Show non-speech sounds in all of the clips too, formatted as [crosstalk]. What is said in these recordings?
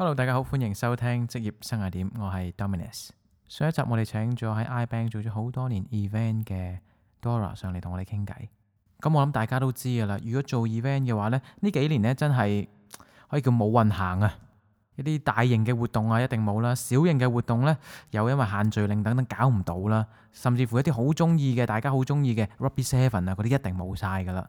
Hello，大家好，歡迎收聽職業生涯點，我係 Dominus。上一集我哋請咗喺 iBank 做咗好多年 event 嘅 Dora 上嚟同我哋傾偈。咁我諗大家都知噶啦，如果做 event 嘅話咧，呢幾年咧真係可以叫冇運行啊！一啲大型嘅活動啊，一定冇啦；小型嘅活動咧，又因為限聚令等等搞唔到啦。甚至乎一啲好中意嘅，大家好中意嘅 Rugby Seven 啊，嗰啲一定冇晒噶啦。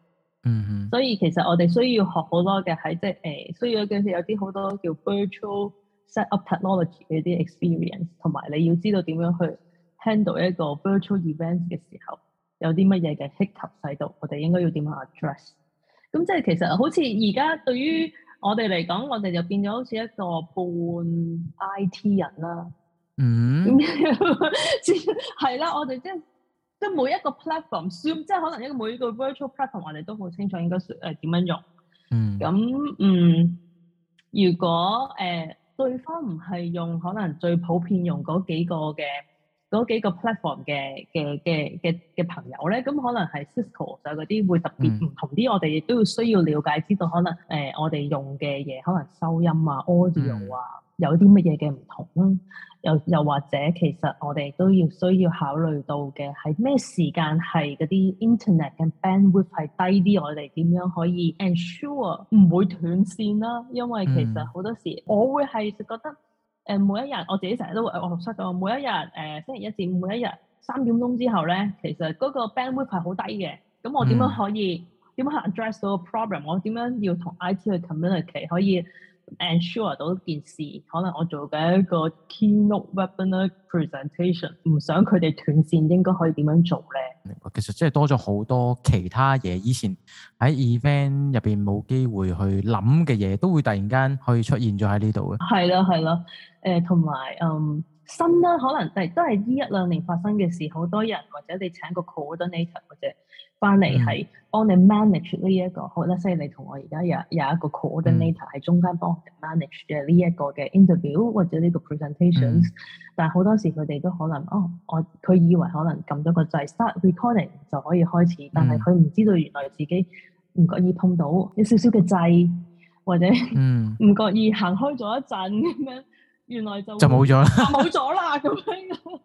嗯、mm hmm. 所以其實我哋需要學好多嘅係即係誒、呃，需要有嘅有啲好多叫 virtual set up technology 嘅啲 experience，同埋你要知道點樣去 handle 一個 virtual event 嘅時候有啲乜嘢嘅 hiccup 喺度，我哋應該要點樣 address？咁即係其實好似而家對於我哋嚟講，我哋就變咗好似一個半 IT 人啦。嗯、mm，係、hmm. 啦， [laughs] [laughs] 我哋即係。即每一個 platform，Zoom 即可能一個每一個 virtual platform，我哋都好清楚應該誒點樣用。嗯。咁嗯，如果誒、呃、對方唔係用可能最普遍用嗰幾個嘅嗰幾個 platform 嘅嘅嘅嘅嘅朋友咧，咁可能係 Cisco 就嗰啲會特別唔同啲，嗯、我哋亦都要需要了解知道可能誒、呃、我哋用嘅嘢，可能收音啊 audio 啊。嗯有啲乜嘢嘅唔同，又又或者其實我哋都要需要考慮到嘅係咩時間係嗰啲 internet 嘅 bandwidth 係低啲，我哋點樣可以 ensure 唔會斷線啦，啊？因為其實好多時、嗯、我會係覺得誒、呃、每一日我自己成日都會、呃、我錄室咗每一日誒、呃、星期一至五每一日三點鐘之後咧，其實嗰個 bandwidth 係好低嘅。咁我點樣可以點、嗯、樣 address 到個 problem？我點樣要同 IT 去 communicate 可以？ensure 到件事，sure、可能我做嘅一個 keynote webinar presentation，唔想佢哋斷線，應該可以點樣做咧？其實即係多咗好多其他嘢，以前喺 event 入邊冇機會去諗嘅嘢，都會突然間可以出現咗喺呢度。係咯，係咯，誒同埋嗯。新啦，可能誒都係呢一兩年發生嘅事。好多人或者你請個 coordinator 或者翻嚟係幫你 manage 呢、這、一個。好啦、嗯，所以你同我而家有有一個 coordinator 喺、嗯、中間幫我 manage 嘅呢一個嘅 interview 或者呢個 presentations、嗯。但係好多時佢哋都可能，哦，我佢以為可能撳咗個掣 start recording 就可以開始，但係佢唔知道原來自己唔覺意碰到有少少嘅掣，或者唔覺意行開咗一陣咁樣。 [laughs] 原來就就冇咗啦，冇咗啦咁樣。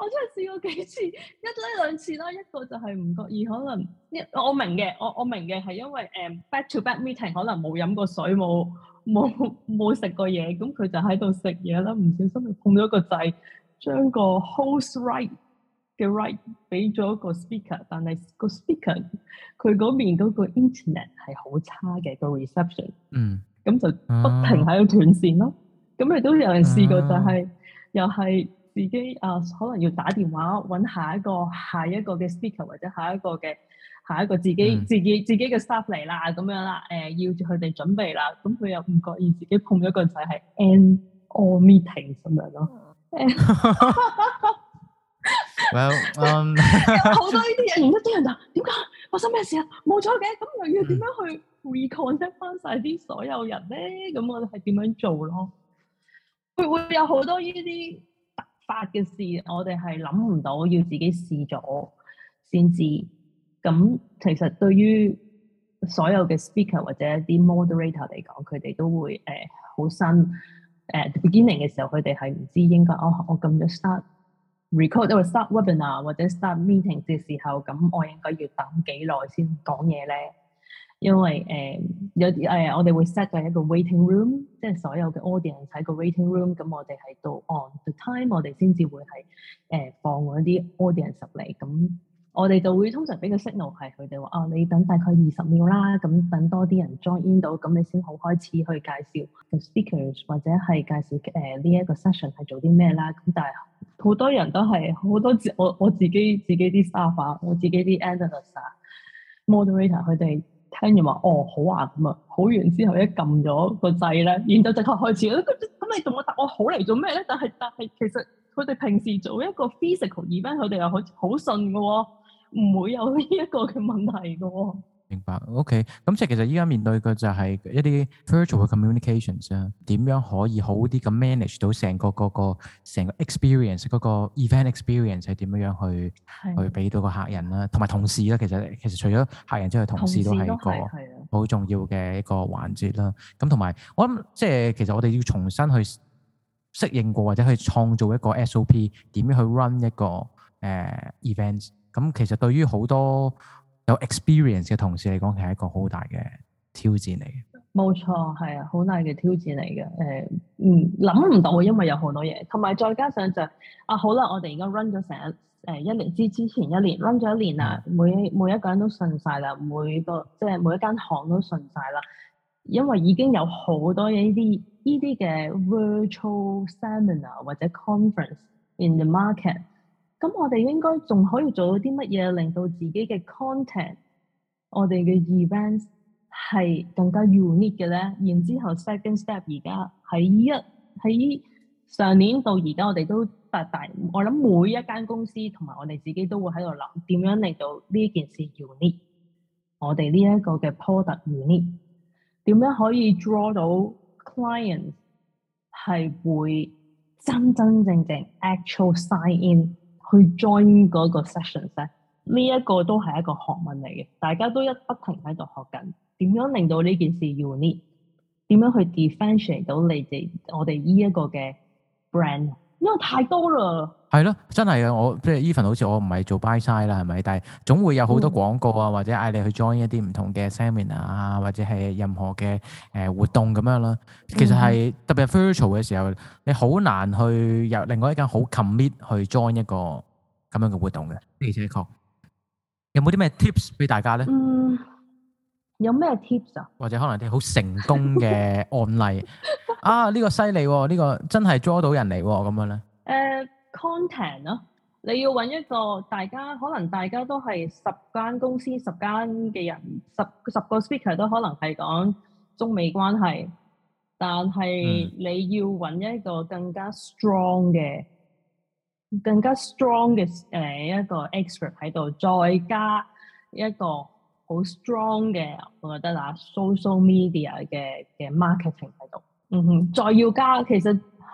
我真係試過幾次，一兩次啦，一個就係唔覺意，可能一我明嘅，我我明嘅係因為誒、um, back to back meeting 可能冇飲過水，冇冇冇食過嘢，咁佢就喺度食嘢啦，唔小心碰到一個掣，將個 host right 嘅 right 俾咗個 speaker，但係個 speaker 佢嗰邊嗰個 internet 係好差嘅個 reception，嗯，咁就不停喺度斷線咯。嗯嗯咁咪都有人試過、就是，就係又係自己啊、呃，可能要打電話揾下一個下一個嘅 speaker 或者下一個嘅下一個自己、嗯、自己自己嘅 staff 嚟啦，咁樣啦，誒、呃、要住佢哋準備啦。咁佢又唔覺意自己碰咗個掣係 end or meeting 咁樣咯。好多呢啲人，一啲人就點解發生咩事啊？冇錯嘅，咁又要點樣去 record 翻晒啲所有人咧？咁我哋係點樣做咯？會會有好多呢啲突發嘅事，我哋係諗唔到，要自己試咗先至。咁其實對於所有嘅 speaker 或者一啲 moderator 嚟講，佢哋都會誒好、呃、新誒、呃、beginning 嘅時候，佢哋係唔知應該、哦、我我咁樣 start record，或者 start webinar，或者 start meeting 嘅時候，咁我應該要等幾耐先講嘢咧？因為誒、uh, 有啲、uh, 我哋會 set 個一個 waiting room，即係所有嘅 audience 喺個 waiting room。咁我哋係到 on the time，我哋先至會係誒、uh, 放嗰啲 audience 入嚟。咁我哋就會通常俾個 signal 係佢哋話啊，你等大概二十秒啦，咁等多啲人 join in 到，咁你先好開始去介紹 speakers 或者係介紹誒呢一個 session 係做啲咩啦。咁但係好多人都係好多次，我我自己自己啲 staff 啊，我自己啲 analyst、啊、moderator 佢哋。聽完話，哦，好啊，咁啊好完之後一撳咗個掣咧，然之後就開始啦。咁咁、嗯嗯、你同我答案好嚟做咩咧？但係但係其實佢哋平時做一個 physical event，佢哋又好好信嘅喎，唔、哦、會有呢一個嘅問題嘅喎、哦。明白，OK。咁即係其實依家面對嘅就係一啲 virtual communications 啊，點樣可以好啲咁 manage 到成個個成個個 experience 嗰個 event experience 係點樣樣去去俾到個客人啦，同埋同事啦。其實其實除咗客人之外，同事都係一個好重要嘅一個環節啦。咁同埋我諗，即係其實我哋要重新去適應過或者去創造一個 SOP，點樣去 run 一個誒、uh, event。咁其實對於好多。有 experience 嘅同事嚟講，係一個好大嘅挑戰嚟嘅。冇錯，係啊，好大嘅挑戰嚟嘅。誒、呃，嗯，諗唔到，因為有好多嘢，同埋再加上就啊，好啦，我哋而家 run 咗成一誒一年之之前一年 run 咗一年啦，嗯、每每一個人都信晒啦，每一個即係每一間行都信晒啦，因為已經有好多嘢呢啲呢啲嘅 virtual seminar 或者 conference in the market。咁、嗯、我哋應該仲可以做啲乜嘢，令到自己嘅 content、我哋嘅 events 係更加 unique 嘅呢？然之後 second step 而家喺一喺上年到而家，我哋都大大，我諗每一間公司同埋我哋自己都會喺度諗點樣令到呢件事 unique，我哋呢一個嘅 product unique，點樣可以 draw 到 clients 係會真真正正 actual sign in？去 join 嗰個 sessions 咧，呢一個都係一個學問嚟嘅，大家都一不停喺度學緊，點樣令到呢件事 unique，點樣去 differentiate 到你哋我哋呢一個嘅 brand，因為太多啦。係咯，真係啊！我即係呢 even 好似我唔係做 buy side 啦，係咪？但係總會有好多廣告啊，或者嗌你去 join 一啲唔同嘅 seminar 啊，或者係任何嘅誒活動咁樣啦。其實係特別 virtual 嘅時候，你好難去有另外一間好 commit 去 join 一個咁樣嘅活動嘅，而且確有冇啲咩 tips 俾大家咧？嗯，有咩 tips 啊？或者可能啲好成功嘅案例 [laughs] 啊？呢、這個犀利，呢、這個真係 join 到人嚟，咁樣咧？誒。Uh, content 咯，你要揾一個，大家可能大家都係十間公司十間嘅人十十個 speaker 都可能係講中美關係，但係你要揾一個更加 strong 嘅、更加 strong 嘅誒、呃、一個 expert 喺度，再加一個好 strong 嘅，我覺得啊 social media 嘅嘅 marketing 喺度，嗯哼，再要加其實。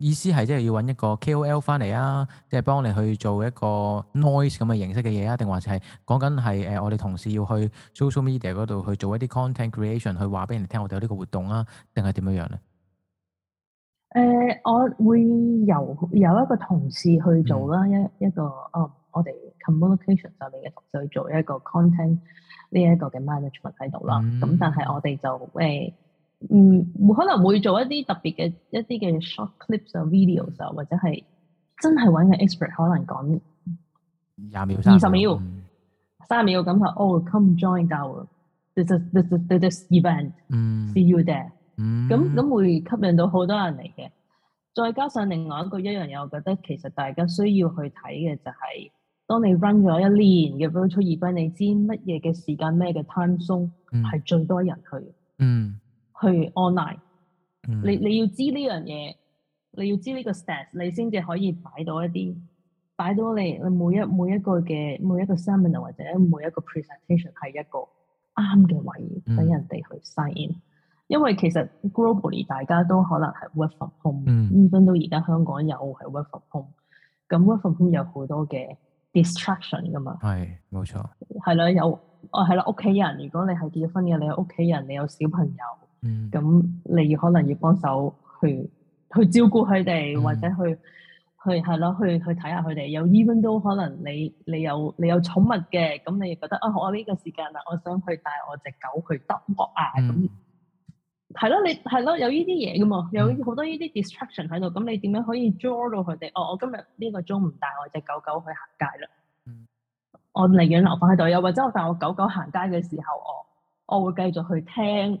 意思係即係要揾一個 KOL 翻嚟啊，即、就、係、是、幫你去做一個 noise 咁嘅形式嘅嘢啊，定還是係講緊係誒我哋同事要去 social media 嗰度去做一啲 content creation，去話俾人聽我哋有呢個活動啊，定係點樣樣咧？誒、呃，我會由有一個同事去做啦，一一個、嗯、一個哦，我哋 communication 上面嘅同事去做一個 content 呢一個嘅 management 喺度啦，咁、嗯、但係我哋就誒。呃嗯，可能會做一啲特別嘅一啲嘅 short clips 啊，videos 啊，或者係真係揾個 expert 可能講廿秒，二十秒，三十秒，咁係哦，come join our this, this, this event，see you there。咁咁、嗯、會吸引到好多人嚟嘅。再加上另外一個一樣嘢，我覺得其實大家需要去睇嘅就係、是，當你 run 咗一年嘅 Virtual Event，你知乜嘢嘅時間咩嘅 time zone 係、嗯、最多人去。嗯。去 online，、嗯、你你要知呢樣嘢，你要知呢個 steps 你先至可以擺到一啲，擺到你你每一每一個嘅每一個 seminar 或者每一個 presentation 係一個啱嘅位，畀人哋去 sign。因為其實 globally 大家都可能係 work from home，even 到而家香港有係 work from home，咁 work from home 有好多嘅 distraction 噶嘛。係冇錯，係啦，有哦係啦，屋、啊、企人，如果你係結婚嘅，你有屋企人，你有小朋友。嗯，咁你可能要幫手去去照顧佢哋，嗯、或者去去係咯，去去睇下佢哋。有 even 都可能你你有你有寵物嘅，咁你亦覺得啊、哦，我呢個時間啊，我想去帶我隻狗去德國啊，咁係咯，你係咯，有呢啲嘢噶嘛，有好多呢啲 distraction 喺度，咁你點樣可以 draw 到佢哋哦，我今日呢個鐘唔帶我隻狗狗去行街啦。嗯、我寧願留翻喺度，又或者我帶我狗狗行街嘅時候，我我，我會繼續去聽。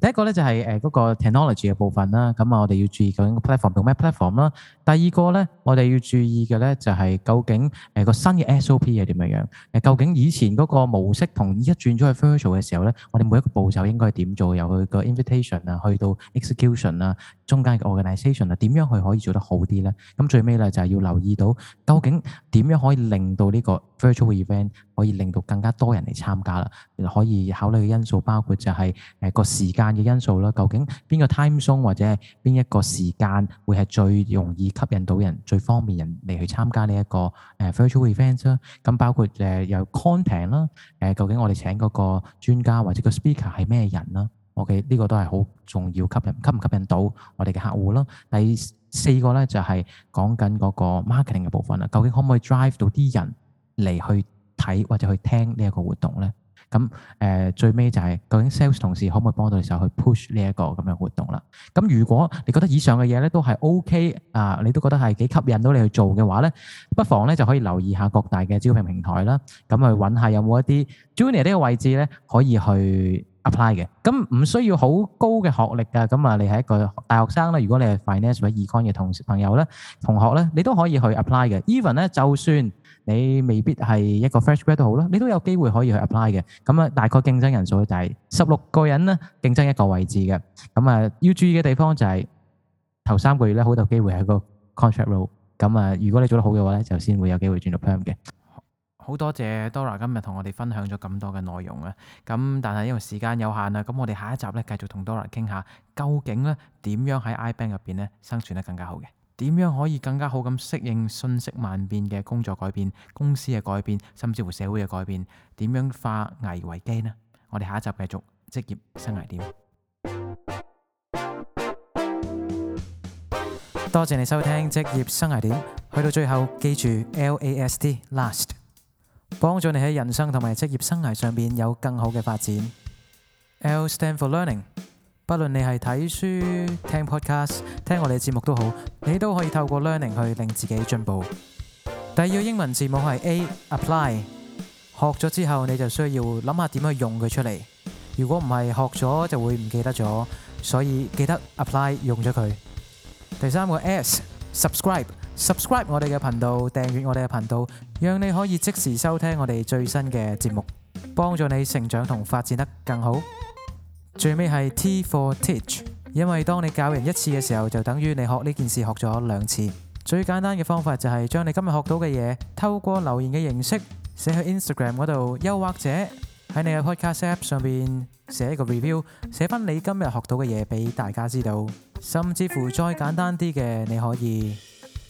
第一個咧就係誒嗰個 technology 嘅部分啦，咁啊我哋要注意究竟個 platform 用咩 platform 啦。第二個咧，我哋要注意嘅咧就係究竟誒個新嘅 SOP 係點樣樣？誒究竟以前嗰個模式同而家轉咗去 virtual 嘅時候咧，我哋每一個步驟應該點做？由佢個 invitation 啊，去到 execution 啊，中間嘅 organization 啊，點樣去可以做得好啲咧？咁最尾咧就係要留意到，究竟點樣可以令到呢個 virtual event？可以令到更加多人嚟參加啦。其實可以考慮嘅因素包括就係誒個時間嘅因素啦。究竟邊個 time zone 或者係邊一個時間會係最容易吸引到人、最方便人嚟去參加呢、呢、一個誒、呃、virtual event 咧、啊？咁包括誒、呃、又有 content 啦、啊。誒究竟我哋請嗰個專家或者個 speaker 係咩人啦？OK，呢個都係好重要，吸引吸唔吸引到我哋嘅客戶啦、啊。第四個咧就係、係、講緊嗰個 marketing 嘅部分啦。究竟可唔可以 drive 到啲人嚟去？睇或者去聽呢一個活動咧，咁誒、呃、最尾就係、是、究竟 sales 同事可唔可以幫到你手去 push 呢一個咁樣活動啦？咁如果你覺得以上嘅嘢咧都係 OK 啊，你都覺得係幾吸引到你去做嘅話咧，不妨咧就可以留意下各大嘅招聘平台啦，咁去揾下有冇一啲 junior 呢個位置咧可以去 apply 嘅，咁唔需要好高嘅學歷啊，咁啊你係一個大學生啦，如果你係 finance 或者 econ 嘅同朋友咧、同學咧，你都可以去 apply 嘅。even 咧，就算你未必係一個 fresh grad 都好啦，你都有機會可以去 apply 嘅。咁啊，大概競爭人數就係十六個人咧，競爭一個位置嘅。咁啊，要注意嘅地方就係、是、頭三個月咧，好大機會係個 contract role。咁啊，如果你做得好嘅話咧，就先會有機會轉到 perm 嘅。好多謝 Dora 今日同我哋分享咗咁多嘅內容啊！咁但係因為時間有限啊，咁我哋下一集咧繼續同 Dora 傾下，究竟咧點樣喺 IBank 入邊咧生存得更加好嘅？點樣可以更加好咁適應信息萬變嘅工作改變、公司嘅改變，甚至乎社會嘅改變？點樣化危為機咧？我哋下一集繼續職業生涯點。多謝你收聽職業生涯點。去到最後，記住 L A S T last。幫助你喺人生同埋職業生涯上面有更好嘅發展。L stand for learning，不論你係睇書、聽 podcast、聽我哋節目都好，你都可以透過 learning 去令自己進步。第二英文字母係 A apply，學咗之後你就需要諗下點去用佢出嚟。如果唔係學咗就會唔記得咗，所以記得 apply 用咗佢。第三個 S subscribe。Subscribe 我哋嘅頻道，訂閱我哋嘅頻道，讓你可以即時收聽我哋最新嘅節目，幫助你成長同發展得更好。最尾係 T for Teach，因為當你教人一次嘅時候，就等於你學呢件事學咗兩次。最簡單嘅方法就係將你今日學到嘅嘢透過留言嘅形式寫去 Instagram 嗰度，又或者喺你嘅 Podcast App 上面寫一個 review，寫翻你今日學到嘅嘢俾大家知道。甚至乎再簡單啲嘅，你可以。